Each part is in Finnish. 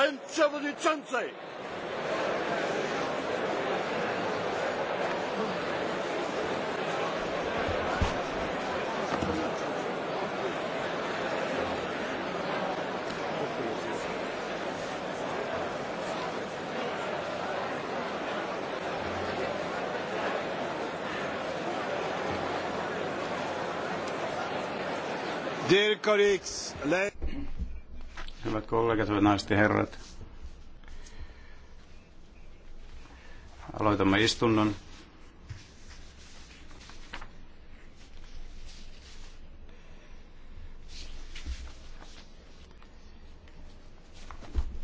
Pan przewodniczący! Dear colleagues, ladies Hyvät kollegat, hyvät naiset ja herrat. Aloitamme istunnon.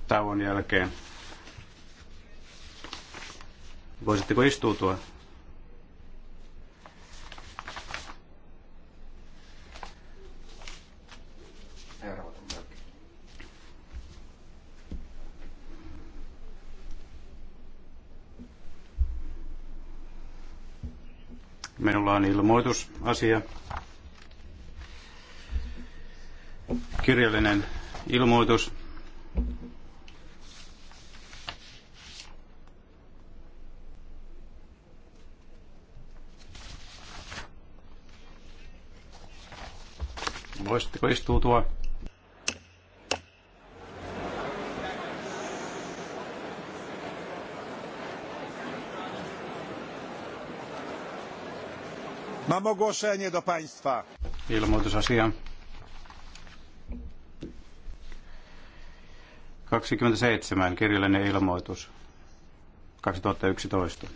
Tauon jälkeen. Voisitteko istuutua? Minulla on ilmoitusasia. Kirjallinen ilmoitus. Voisitteko istuutua? Mam ogłoszenie do Państwa. Ilmoitusasia. 27. Kirjallinen ilmoitus. 2011.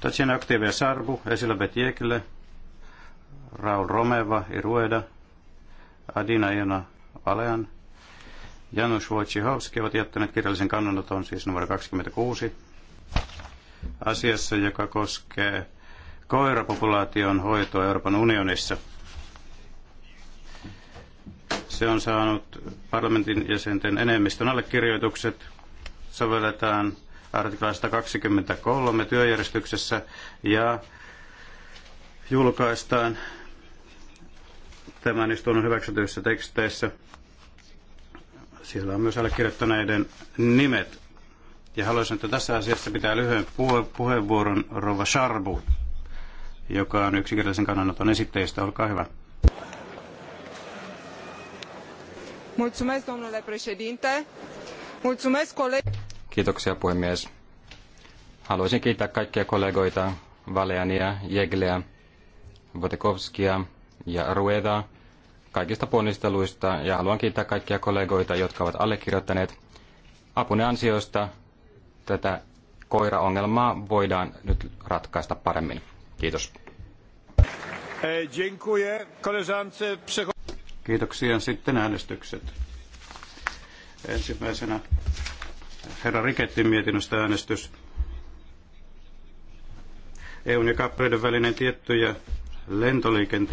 Tatjana Aktiivia Sarbu, Esilabeth Jekille, Raul Romeva, Irueda, Adina Iona Alean, Janusz Wojciechowski ovat jättäneet kirjallisen kannanoton, siis numero 26, asiassa, joka koskee koirapopulaation hoitoa Euroopan unionissa. Se on saanut parlamentin jäsenten enemmistön allekirjoitukset. Sovelletaan artiklaa 123 työjärjestyksessä ja julkaistaan tämän istunnon hyväksytyissä teksteissä. Siellä on myös allekirjoittaneiden nimet. Ja haluaisin, että tässä asiassa pitää lyhyen puheenvuoron Rova Sharbu, joka on yksinkertaisen kannanoton esitteistä. Olkaa hyvä. Kiitoksia, puhemies. Haluaisin kiittää kaikkia kollegoita, Valeania, Jeglea, Votekovskia ja Ruedaa kaikista ponnisteluista ja haluan kiittää kaikkia kollegoita, jotka ovat allekirjoittaneet. Apune ansiosta tätä koiraongelmaa voidaan nyt ratkaista paremmin. Kiitos. Eh, Kiitoksia. Sitten äänestykset. Ensimmäisenä herra Rikettin mietinnöstä äänestys. EUn ja Kappeiden välinen tiettyjä lentoliikenteen